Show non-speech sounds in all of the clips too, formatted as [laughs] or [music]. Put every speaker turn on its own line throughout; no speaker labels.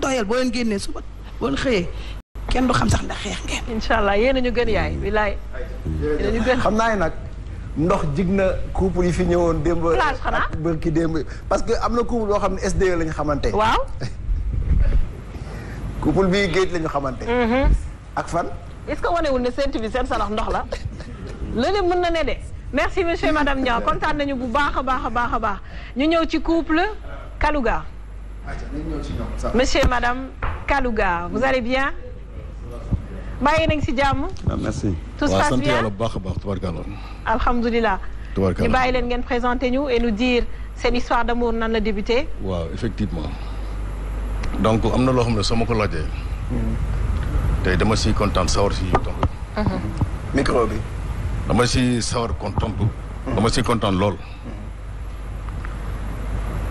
doyal boo leen génnee suba boo leen xëyee kenn du xam sax ndax xeex ngeen. incha allah yéen ñu gën yaay wilaay.
yéen xam naa ne nag ndox jig na couple yi fi ñëwoon démb. plage xanaa bërki démb parce que am na couple boo xam ne SDE la ñu xamante. waaw. [laughs] couple bii géej la xamante. Mm-hmm. ak fan.
est-ce que wanewul ne seen TV seen salax ndox la. lële mën na ne de. merci monsieur madame Niang kontaan nañu bu baax a baax a baax a baax ñu ñëw ci couple Kaluga. Monsieur, Madame Kaluga, vous allez bien bàyyi nañ si jàmm. Ah,
merci tout se passe bien sant yàlla bu baax a baax tubarkalla.
alhamdulilah.
tubarkalla ñu bàyyi leen
présenter ñu et nous dire cette histoire d'amour nan pas débuté.
waaw effectivement donc am na loo xam ne soo ma ko laajee. tey dama si kontaan sawar si tontu. Mhm. micro bi. dama si sawar mhm. kontaan. dama si content lool.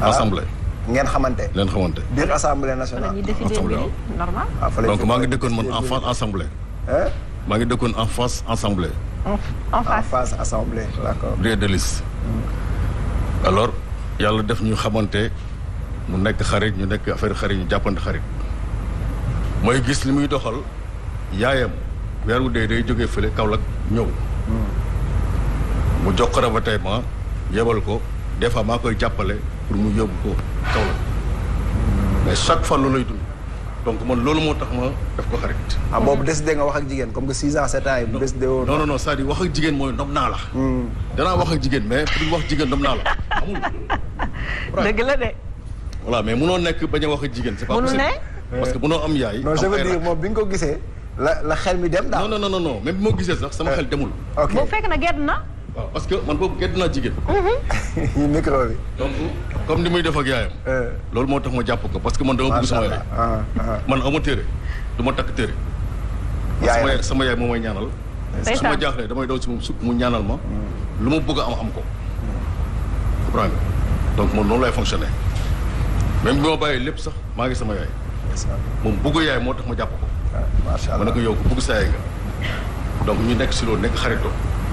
Ah, assemblée ngeen xamante. leen xamante
biir assemblée nationale. normal.
Ah, donc maa ngi dëkkoon man en face assemblée. maa ngi dëkkoon en face assemblée.
en face en face assemblée d'accord.
lieu hmm. alors yàlla def ñu xamante mu nekk xarit ñu nekk affaire xarit ñu jàppante xarit. mooy gis li muy doxal yaayam weer wu dee day jógee fële Kaolack ñëw. Hmm. mu jox ko ravitaillement yebal ko. des fois maa koy jàppale pour mu yóbbu ko kaw la mais chaque fois loolu lay dund donc man loolu moo tax ma def ko xarit. ah boobu décidé
nga wax ak jigéen comme que 6 ans 7 ans yi. bu décidé woon
mooy nom naa la. Hmm. danaa wax jigéen mais pour wax jigéen nom naa la amul. [laughs] dëgg la de. voilà mais nekk bañ a wax ak jigéen. c'est pas possible parce que munoo am yaay. non je bi
nga ko gisee. la la xel mi dem
daal. non non non non même gisee sax sama eh. xel demul.
ok boo fekk na gedd na.
waaw parce que man boobu gedd naa jigéen. [laughs] micro bi. donc comme ni muy def ak yaayam. Eh. loolu moo tax ma jàpp ko parce que man dama bëgg sama yaay.
Ah, ah.
man aw ma téere du ma takk téere. sama yaay sama yaay moo may ñaanal. su ma jaaxlee damay daw si moom sukk mu ñaanal ma. lu ma bugg am am ko. comprends nga donc man noonu lay fonctionner même bi ma bàyyee lépp sax maa ngi sama yaay. moom bëgg yaay moo tax ma jàpp ko. Ah, macha allah ma ne ko yow yaay donc ñu nekk si loolu nekk xaritoo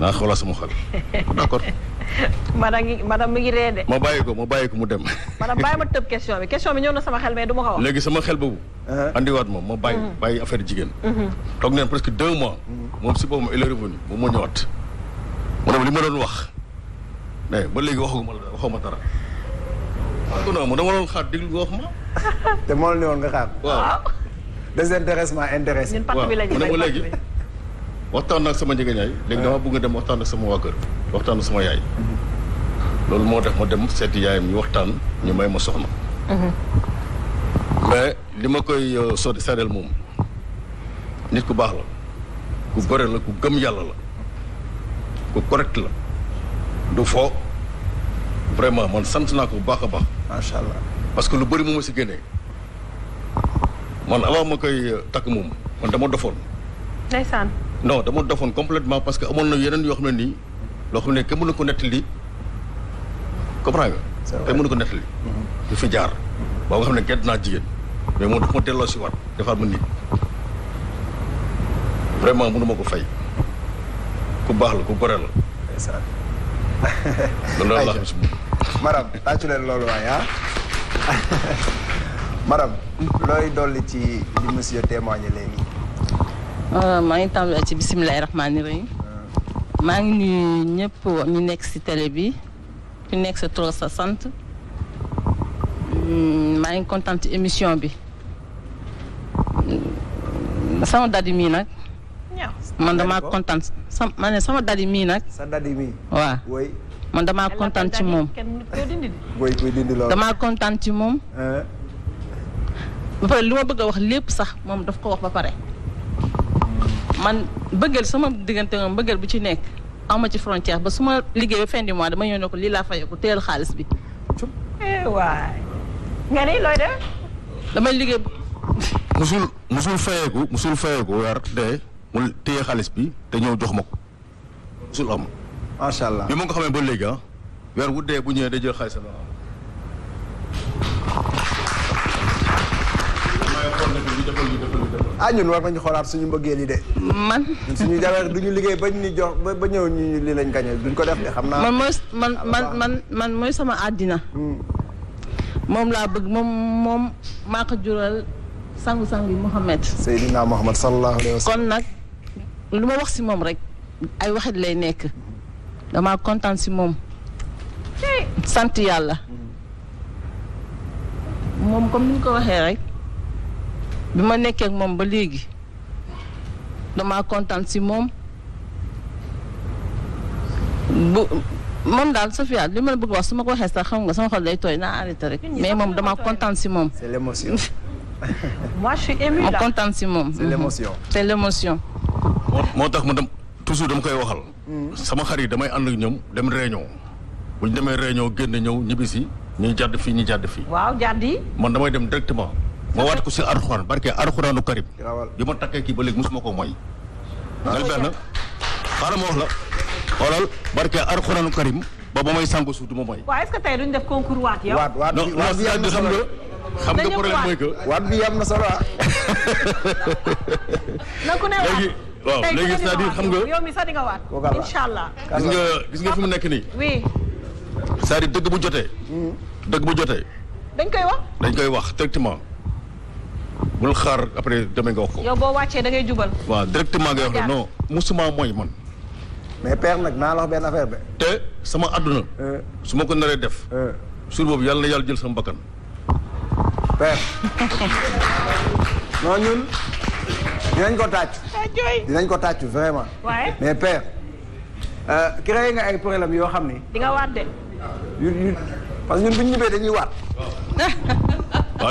naa xoolal sama xel
[laughs] d'accord. madame ngi madame mi ngi ree de. ma
bàyyi ko ma bàyyi ko mu dem.
madame bàyyi ma tëb question bi question bi ñëw na sama xel mais du ma ko wax.
léegi sama xel boobu. Uh-huh. andiwaat ma ma bàyyi mm-hmm. bàyyi affaire jigéen. Mm-hmm. toog neen presque deux mois. Mm-hmm. moom si boobu il est revenu moom moo ñëwaat. ma dem li ma doon wax mais ba léegi waxuma la waxuma ma waaw non ma dama doon xaar déglu nga wax ma. [laughs] te moo la ne woon nga xaar. waaw ah. désintéressement intéressé. ñun pàcc léegi. waxtaan ak sama njëgañaay léegi dama eh. bëgg dem waxtaan ak sama waa kër waxtaan ak sama yaay mhm. loolu moo def ma mhm. dem seeti yaay mi waxtaan ñu may ma soxna mais li ma koy sori sareel moom nit ku baax la ku bëre la ku gëm yàlla la ku correct la du foo vraiment man sant naa ko bu baax a baax macha allah parce que lu bëri mu ma si génnee man avant ma koy takk moom man dama dofoon ndeysaan non dama dofoon complètement parce que amoon na yeneen yoo xam ne nii loo xam ne kenn mënu ko nettali comprends nga. c' est kenn mënu ko nettali. du mm-hmm. fi jaar. ba xam ne gedd naa jigéen. mais moom dafa ma delloo si waat mënu ma ko fay. ku baax la ku gore la.
ndeysaan. [laughs] loolu la la xam si moom. [laughs] maram tàccu ah. [laughs] looy dolli ci li monsieur témoigné léegi.
Euh, maa ngi tàmbalee ci bisimilahi rahmaani rahim maa ngi nii ñëpp ñu nekk si télé bi ku nekk sa trop sa sant hmm, maa ngi kontaan ci émission bi sama dadi mii nag. man damaa kontaan sama ma ne sama dadi mii nag. sa dadi mii. waaw man damaa kontaan ci moom. damaa kontaan ci moom. ba pare li ma bëgg a wax lépp sax moom daf ko wax ba pare. man bëggeel sama diggante moom bëggeel bu ci nekk ma ci frontière ba su ma liggéey ba fin du mois dama ñëw ne ko lii laa fayeeku teel xaalis bi. Eh waay damay liggéey.
musul musul fayeeku musul fayeeku weer de mu téye xaalis bi te ñëw jox ma ko musul am. macha allah bi ma ko xamee ba léegi ah, weer wu dee bu ñëwee da jël xaalis la
lii defal lii defal lii defal. Ah, war nañu xoolaat suñu mbëggeel yi de. man suñu jabar duñu liggéey ba ñu jox ba ñëw ñu li lañ gañe duñ ko def de xam naa. man mooy
man man ah, man man mooy sama àddina. Hmm. moom laa bëgg moom moom maa ko jural sangu sang yi Mouhamed. Seydina
Mouhamed sallallahu alayhi wa sallam.
kon nag lu ma wax si moom rek ay waxit lay nekk damaa kontaan si moom. sant yàlla. Hmm. moom comme ni ko waxee rek. bi ma nekkee ak moom ba si Sofia li ma wax ko xam nga mais moom dama content si c'est l'émotion. [laughs] moi je suis émue là ma c'est l'émotion. c'est l'émotion.
moo tax toujours dama koy waxal. Hmm. sama xarit damay ànd ak dem réunion réunion génn ñëw content jàdd fii Je jàdd fii. waaw damay dem directement. moo waat ko si arxuraan barke arxuraanu karim bi ma takkee kii ba léegi mosuma ko mooy ngal benn xaaral ma wax la xoolal barke arxuraanu karim ba ba may sangu suuf du ma mooy
waaw est-ce tey duñ def concours waat yow waat waat bi am xam nga problème mooy que
waat bi am na solo [laughs]
na ku ne waat waaw léegi c'est-à-dire xam nga mi sax di nga waat
gis nga fi mu nekk nii oui dëgg bu jote hmm. dëgg bu jote dañ koy wax dañ bul xaar après demee nga wax ko.
yow boo wàccee da jubal.
waaw directement nga wax non musuma mooy man. mais père nag naa la wax benn affaire de. te sama àdduna. Euh. su ma ko naree def. Euh. suur boobu yàlla na yàlla jël sama bakkan.
père. non ñun dinañ ko tàccu. Ah, dinañ ko tàccu vraiment. waaye mais père. Euh, créé nga ay problème yoo xam ni. di nga waat de. parce que ñun bu ñu ñibbee dañuy waat. Ah,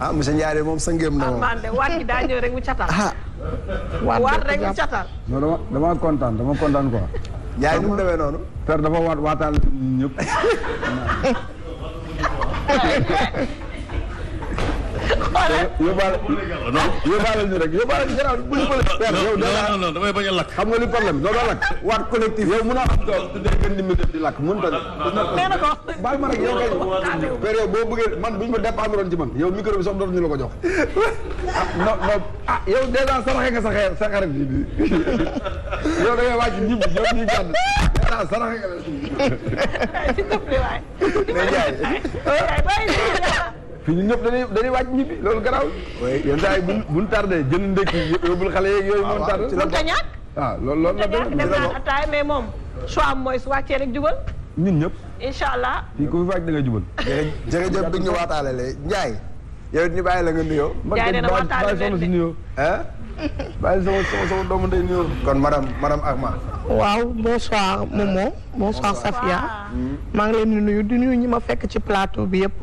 ah monsieur Ndiaye moom sa ngéem moom ah,
waat gi daa ñëw rek mu catal. Ah.
waat rek mu catal. non dama dama kontaan dama kontaan quoi. nu mu noonu. père dafa waat waataal ñëpp.
[laughs]
yóbbaale ñu rek
yóbbaale ñu gannaaw bu ñu bële. non non damay bañ a lakk. xam nga li problème doo doo lakk. waat collectif yow mun a
am doom tuddee gën di def di lakk mënut a def. baal ma rek yow kay. mais yow boo bëggee man bu ñu ma dépendre woon ci man yow micro bi sax dootuñu la ko jox. ah non non ah yow dèjà saraxe nga sa xeer sa xarit bi bi yow da ngay wàcc njib yow ñuy gàdd dèjà saraxe nga la. fii ñun ñëpp dañuy dañuy ñibbi loolu garaaw. oui yenn saa yi buñ buñ tardé jënd ndekki yóbbul xale yeeg yooyu. waaw ah, waaw ci la bokk ah loolu loolu la dem naa jubal. ñun ñëpp. incha allah. bi ñu waataale lee Ndiaye. yow it ñu bàyyi la nga nuyoo. Ndiaye dana waataale benn bi nuyoo. bàyyi sama sama sama doomu ndey nuyoo. kon madame madame Arma.
waaw bonsoir
Momo. bonsoir Safia. maa ngi leen di nuyu di nuyu ñi ma fekk ci plateau bi yëpp.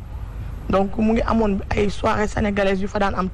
donc mu ngi amoon ay soirée sénégalaise yu fa daan am